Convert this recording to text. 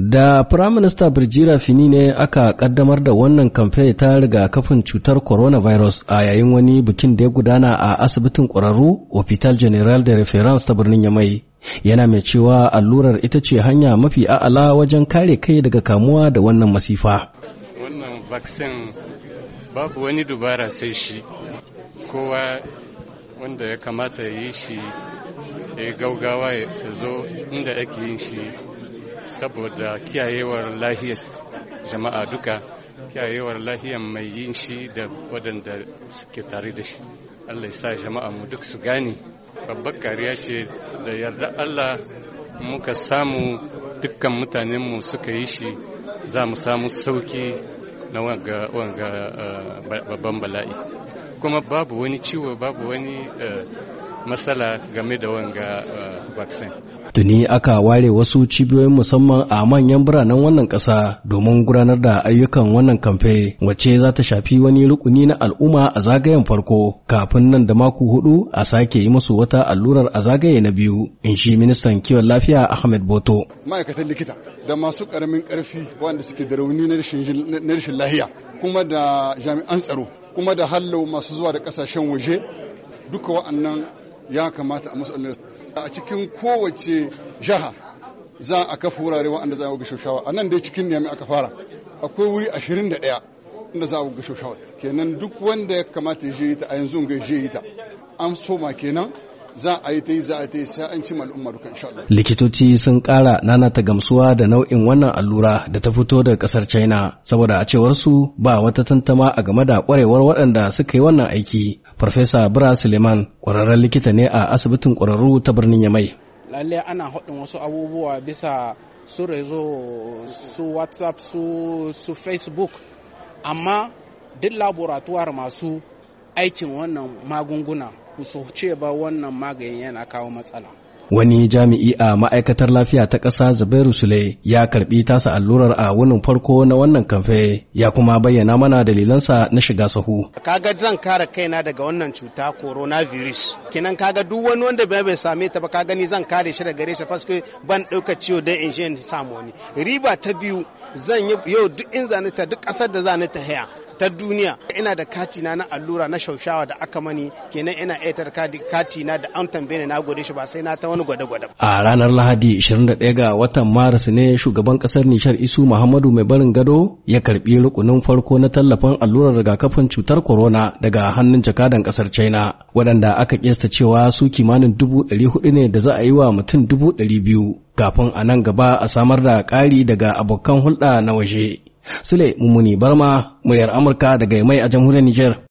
Da Firaminista Birjira Fini ne aka kaddamar da wannan kamfe ta kafin cutar coronavirus a yayin wani bikin da ya gudana a asibitin ƙwararru Hospital General de Reference ta birnin Yamai. Yana mai cewa allurar ita ce hanya mafi a'ala wajen kare kai daga kamuwa da wannan masifa. Wannan vaccine babu wani dubara sai shi. Kowa wanda ya kamata ya yi shi ya gaugawa ya zo inda ake yin shi saboda kiyayewar lahiyar jama'a duka kiyayewar lahiyar mai yin shi da waɗanda suke tare da shi allah sa jama'a mu duk su gane babbar kariya ce da yarda allah muka samu dukkan mutanenmu suka yi shi za mu samu sauki na wanga eh, babban bala'i kuma babu wani ciwo babu wani eh, matsala game da wanga uh, vaccine. Tuni aka ware wasu cibiyoyin musamman a manyan biranen wannan ƙasa domin gudanar da ayyukan wannan kamfe wacce za ta shafi wani rukuni na al'umma a zagayen farko kafin nan da mako hudu a sake yi musu wata allurar a zagaye na biyu in shi ministan kiwon lafiya Ahmed Boto. Ma'aikatan likita da masu ƙaramin ƙarfi wanda suke da rauni na rashin lahiya kuma da jami'an tsaro kuma da hallo masu zuwa da ƙasashen waje duka wa'annan ya kamata a matsalar a cikin kowace jiha za a kafa wurare wa'anda za a wuga shoshawa a nan dai cikin niyami aka fara akwai wuri 21 inda za a ga shoshawa kenan duk wanda ya kamata ya je ta a yanzu ga je ta an soma kenan za a yi ta yi za a ta yi sai an cimma duka insha Allah. Likitoci sun ƙara nanata gamsuwa da nau'in wannan allura da ta fito daga ƙasar China saboda a cewar su ba wata tantama a game da kwarewar waɗanda suka yi wannan aiki. Farfesa Bura Suleiman ƙwararren likita ne a asibitin ƙwararru ta birnin Yamai. Lalle ana haɗin wasu abubuwa bisa su rezo su WhatsApp su su Facebook amma duk laboratuwar masu aikin wannan magunguna ku so ce ba wannan maganin yana kawo matsala wani jami'i a ma'aikatar lafiya ta ƙasa zubairu sule ya karɓi tasa allurar a wunin farko na wannan kamfe ya kuma bayyana mana dalilansa na shiga sahu kaga zan kare kaina daga wannan cuta virus? kinan kaga duk wani wanda bai bai same ta ba ka gani zan kare shi daga gare fasko ban ɗauka ciwo dan in shi samu wani riba ta biyu zan yau duk in zanita duk ƙasar da zanita haya ta duniya ina da katina na allura na shaushawa da aka mani kenan ina kati na da an tambaye na gode shi ba sai na ta wani gwada-gwada a ranar lahadi 21 ga watan maris ne shugaban kasar nishar isu muhammadu mai barin gado ya karbi rukunin farko na tallafin allurar rigakafin cutar corona daga hannun jakadan kasar china waɗanda aka kesta cewa su kimanin dubu ɗari hudu ne da za a yi wa mutum dubu ɗari biyu kafin a nan gaba a samar da ƙari daga abokan hulɗa na waje Sule mumuni Barma, muryar Amurka daga mai a jamhuriyar Nijar.